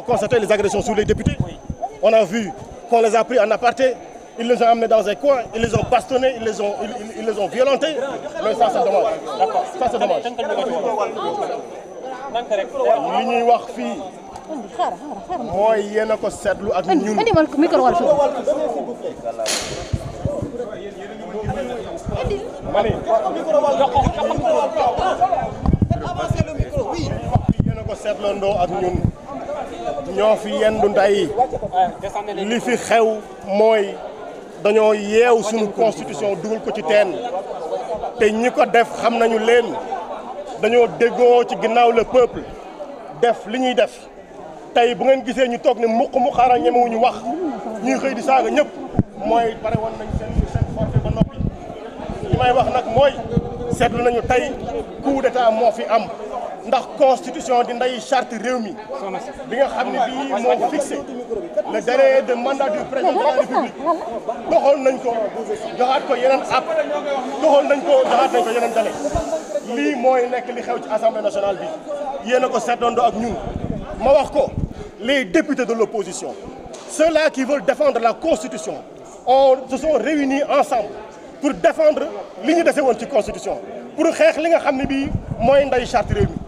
On a constaté les agressions sur les députés. On a vu qu'on les a pris en aparté. Ils les ont amenés dans un coin, ils les ont bastonnés, ils les ont, ils, ils les ont violentés. Mais ça, c'est dommage. D'accord, ça, c'est dommage. li ñuy wax fii. mooy yéen a ko seetlu ak ñun. ma ni. yéen a ko seetlandoo ak ñun. ñoo fi yendu tey li fi xew mooy dañoo yeew sunu constitution dugal ko ci teen te ñi ko def xam nañu leen dañoo déggoo ci ginnaaw le peuple def li ñuy def tey bu ngeen gisee ñu toog ne muq mu xaaral ñemewuñu wax ñuy xëy di saaga ñëpp mooy pare woon nañ seetlu nañu tey coup d'état moo fi am ndax constitution di nday charte réew mi bi nga xam ne bii moo fixé le délai de mandat du président de la république doxoon nañ ko joxaat ko yeneen app doxoon nañ ko joxaat nañ ko yeneen délai lii mooy nekk li xew ci assemblée nationale bi yéen a ko seetandoo ak ñun ma wax ko les députés de l'opposition ceux-là qui veulent défendre la constitution on se sont réunis ensemble pour défendre li ñu dese woon ci constitution pour xeex li nga xam ne bii mooy nday charte réew mi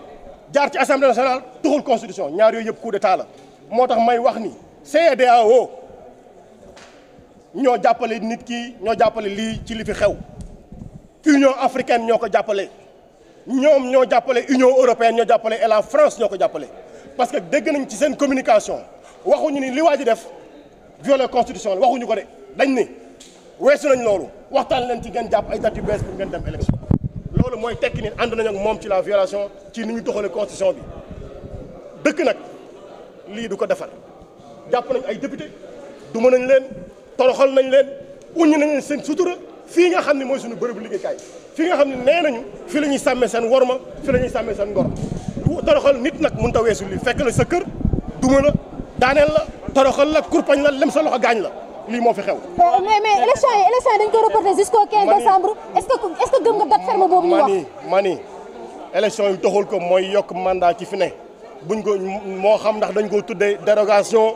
jaar ci assemblée nationale tuxul constitution ñaar yooyu yëpp coup d'état la moo tax may wax ni CEDEAO ñoo jàppale nit ki ñoo jàppale lii ci li fi xew union africaine ñoo ko jàppale ñoom ñoo jàppale union européenne ñoo jàppale et la France ñoo ko jàppale parce que dégg nañ ci seen communication waxuñu ni li waa def violé constitution la waxuñu ko de dañ ni weesu nañ loolu waxtaan leen ci gen jàpp ay date yu bees pour ngeen dem élection loolu mooy tekki ni ànd nañu ak moom ci la violation ci ni ñu doxalee constitution bi dëkk nag lii du ko defar jàpp nañ ay député duma nañ leen toroxal nañ leen uññ nañ leen seen sutura fii nga xam ne mooy suñu bërëbu liggéeykaay fii nga xam ne nee nañu fi la ñuy sàmmee seen worma fi la ñuy sàmmee seen ngor toroxal nit nag mënut tawee su lii fekk la sa kër duma na daaneel la toroxal la kurpañ la lem sa loxo gaañ la lii moo fi xew. Euh, mais mais élection yi élection yi dañ ko reporté jusqu'au 15 décembre. est est-ce que gëm nga date ferme boobu ñu wax. mani élection yi taxul ko mooy yokk mandat ci fi ne buñ ko moo xam ndax dañ koy tuddee dérogation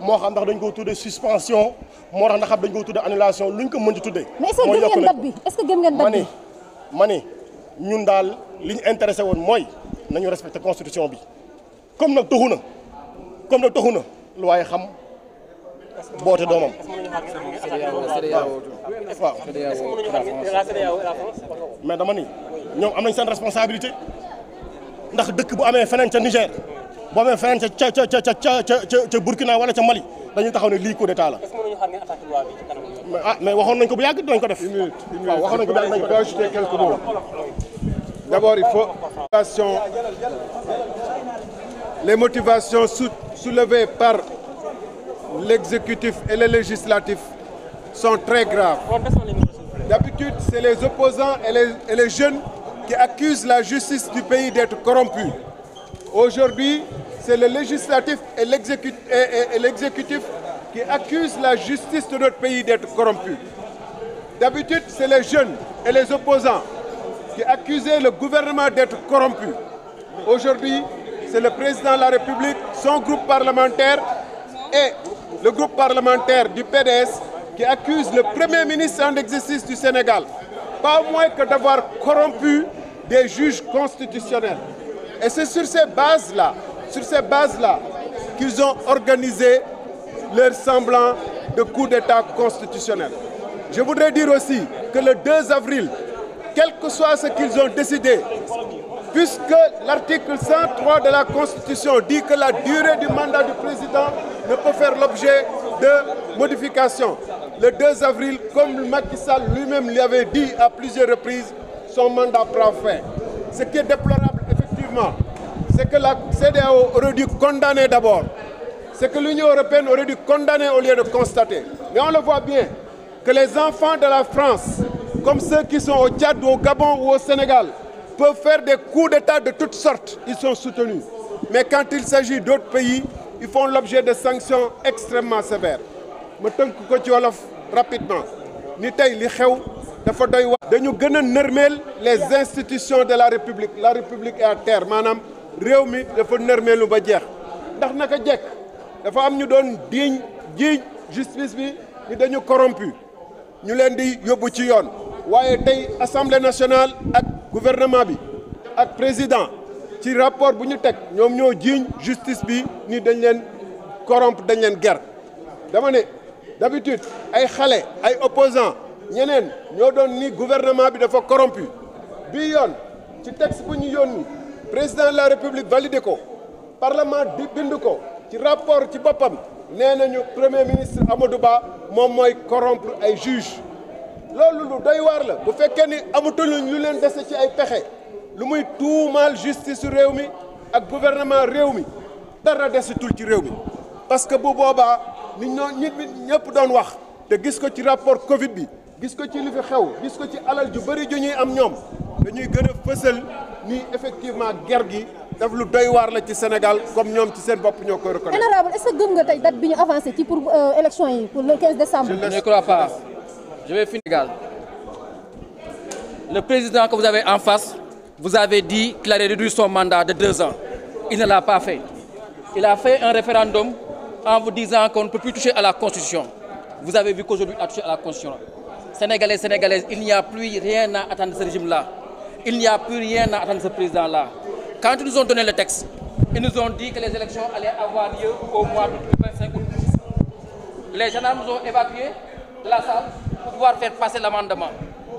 moo xam ndax dañ koo tuddee suspension moo tax ndax dañ koo tuddee annulation luñ ko mën di tuddee. mooy yokk nag mais est-ce que gëm ngeen date bi est-ce que gëm ngeen date bi. mani ñun daal li ñu intéressé woon mooy nañu respecté constitution bi comme nag taxu na comme boote doomam. waaw mais dama ni ñoom am nañ seen responsabilité ndax dëkk bu amee feneen ca Niger bu amee feneen ca ca ca ca ca Burkina wala ca Mali dañuy taxaw ne lii coup d'état la. ah mais waxoon nañ ko bu yàgg dinañ ko def. waaw waxoon nañ ko bu yàgg dinañ ko d'abord il faut les motivations soulevées par l'exécutif et le législatif sont très graves. D'habitude, c'est les opposants et les, et les jeunes qui accusent la justice du pays d'être corrompue. Aujourd'hui, c'est le législatif et l'exécutif qui accusent la justice de notre pays d'être corrompue. D'habitude, c'est les jeunes et les opposants qui accusaient le gouvernement d'être corrompu. Aujourd'hui, c'est le président de la République, son groupe parlementaire et le groupe parlementaire du PDS qui accuse le Premier ministre en exercice du Sénégal, pas moins que d'avoir corrompu des juges constitutionnels. Et c'est sur ces bases-là, sur ces bases-là, qu'ils ont organisé leur semblant de coup d'État constitutionnel. Je voudrais dire aussi que le 2 avril, quel que soit ce qu'ils ont décidé, puisque l'article de la Constitution dit que la durée du mandat du président ne peut faire l'objet de modifications. Le 2 avril, comme Macky Sall lui-même l'avait dit à plusieurs reprises, son mandat prend Ce qui est déplorable, effectivement, c'est que la CDAO aurait dû condamner d'abord. C'est que l'Union européenne aurait dû condamner au lieu de constater. Mais on le voit bien, que les enfants de la France, comme ceux qui sont au Tchad ou au Gabon ou au Sénégal, peuvent faire des coups d'État de toutes sortes. Ils sont soutenus. Mais quand ils font l'objet de sanctions extrêmement sévères ma tënk ko ci wolof rapidement ni tey li xew dafa doy wax dañu gën a nërmeel les institutions de la république la république est terre maanaam réew mi dafa nërmeelu ba jeex ndax nag a jekk dafa am ñu doon diiñ jiiñ justice bi ni dañu corrompu ñu leen di yóbbu ci yoon waaye tey assemblée nationale ak gouvernement bi ak président ci rapport bu ñu teg ñoom ñoo jiiñ justice bi ni dañ leen corrompre dañ leen ger dama ne d'habitude ay xale ay opposants ñeneen ñoo doon ni gouvernement bi dafa corrompu bii yoon ci texte bu ñu yónni président la république validé ko parlement di bind ko ci rapport ci boppam nee nañu premier ministre Amadou moom mooy corrompre ay juge loolu lu doy waar la bu fekkee ni amatuñu lu leen dese ci ay pexe lu muy tuumaal justice réew mi ak gouvernement réew mi dara desutul ci réew mi parce que bu boobaa nit ñoo nit ñëpp doon wax te gis ko ci rapport Covid bi gis ko ci li fi xew gis ko ci alal ju bëri ju ñuy am ñoom dañuy gën a fësal ni effectivement guerre gi daf lu doy waar la ci Sénégal comme ñoom ci seen bopp ñoo koy reconnaître. Honorable est-ce que gëm nga tey date bi ñu avancé ci pour euh, élection yi pour le 15 décembre. je ne crois pas le président que vous avez en face. Vous avez dit qu'il allait réduire son mandat de deux ans. Il ne l'a pas fait. Il a fait un référendum en vous disant qu'on ne peut plus toucher à la Constitution. Vous avez vu qu'aujourd'hui, il a à la Constitution. Sénégalais, Sénégalaises, il n'y a plus rien à attendre de de ce président-là. Quand ils nous ont donné le texte, ils nous ont dit que les élections allaient avoir lieu au mois de 25 août. Les gendarmes nous ont évacués de la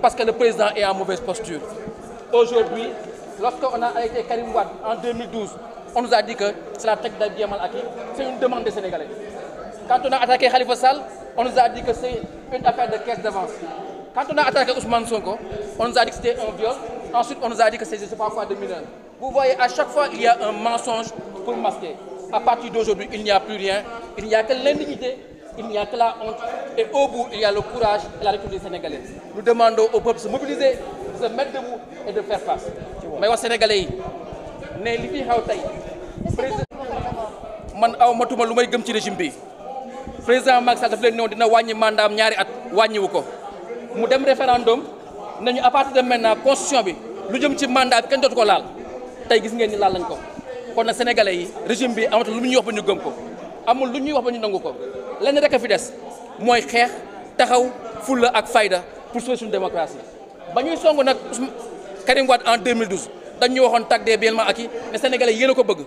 parce que le président est en mauvaise posture. Aujourd'hui, lorsqu'on a arrêté Karim Wade en on nous a dit que c'est la tête d'Abdiamal Aki, c'est une demande des Sénégalais. Quand on a attaqué Khalifa on nous a dit que c'est une affaire de caisse d'avance. Quand on a attaqué Ousmane Sonko, on nous a dit que c'était un viol. Ensuite, on nous a dit que c'est je de mineur. Vous voyez, à chaque fois, il y a un mensonge pour masquer. À partir il n'y a que la honte et la République sénégalaise. Nous demandons au peuple de se mobiliser, de se mettre debout li fi xaw aw matuma lu may gëm ci régime bi président Macky Sall daf leen ñëw dina wàññi mandaam ñaari at wàññiwu ko mu dem référendum nañu à de maintenant constitution bi lu jëm ci mandat bi kenn dootu ko laal tey gis ngeen ni laal lañ ko kon na sénégalais yi régime bi amatul lu mu ñuy wax ba ñu gëm ko amul lu ñuy wax ba ñu nangu ko lenn rek a fi des mooy xeex taxaw fulla ak fayda pour sauver suñu démocratie ba ñuy song nag Karim Wade en 2012 dañ ñu waxoon tag des biennement ak yi ne sénégalais yéen a ko bëgg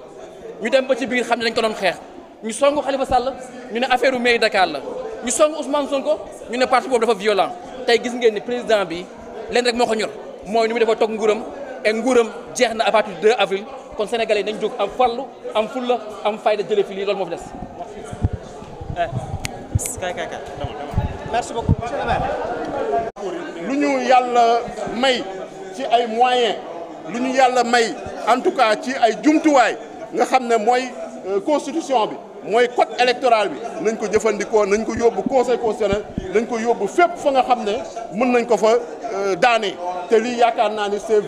ñu dem ba ci biir xam ne dañ ko doon xeex ñu song Khalifa Sall ñu ne affaire u mairie Dakar la ñu song Ousmane Sonko ñu ne parti boobu dafa violent tey gis ngeen ni président bi leen rek moo ko ñor mooy ni mu dafa toog nguuram et nguuram jeex na à partir du 2 avril kon sénégalais nañ jóg am farlu am fulla am fayda jële fi moo des Eh, kay kay lu ñu yàlla may ci ay moyens lu ñu yàlla may en tout cas ci ay jumtuwaay nga xam ne mooy euh, constitution bi mooy cote électoral bi nañ ko jëfandikoo nañ ko yóbbu conseil constitutionnel nañ ko yóbbu fépp fa nga xam ne mën nañ ko fa euh, daane te lii yaakaar naa ni c'est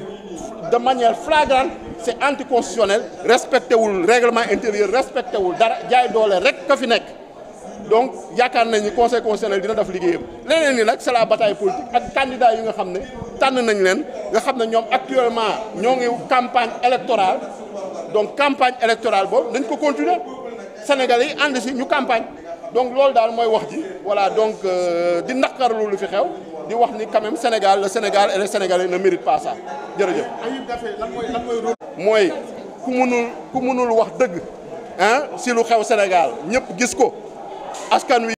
de manière flagrante c'est anticonstitutionnel respecté wul règlement intérieur respecté wul dara jaay doole rek ka fi nekk donc yaakaar nañu conseil constitutionnel dina def liggéeyam leneen ni nag c'est bataay bataille ak candidat yi nga xam ne tànn nañ leen nga xam ne ñoom actuellement ñoo ngi campagne électorale donc campagne électorale boobu dañ ko continuer sénégal yi ànd si ñu campagne donc loolu daal mooy wax ji voilà donc euh, di naqarlu lu fi xew di wax ni quand même Sénégal le Sénégal et les Sénégalais ne méritent pas ça mooy ku mënul ku mënul wax dëgg ah si lu xew Sénégal ñëpp gis ko. askan wi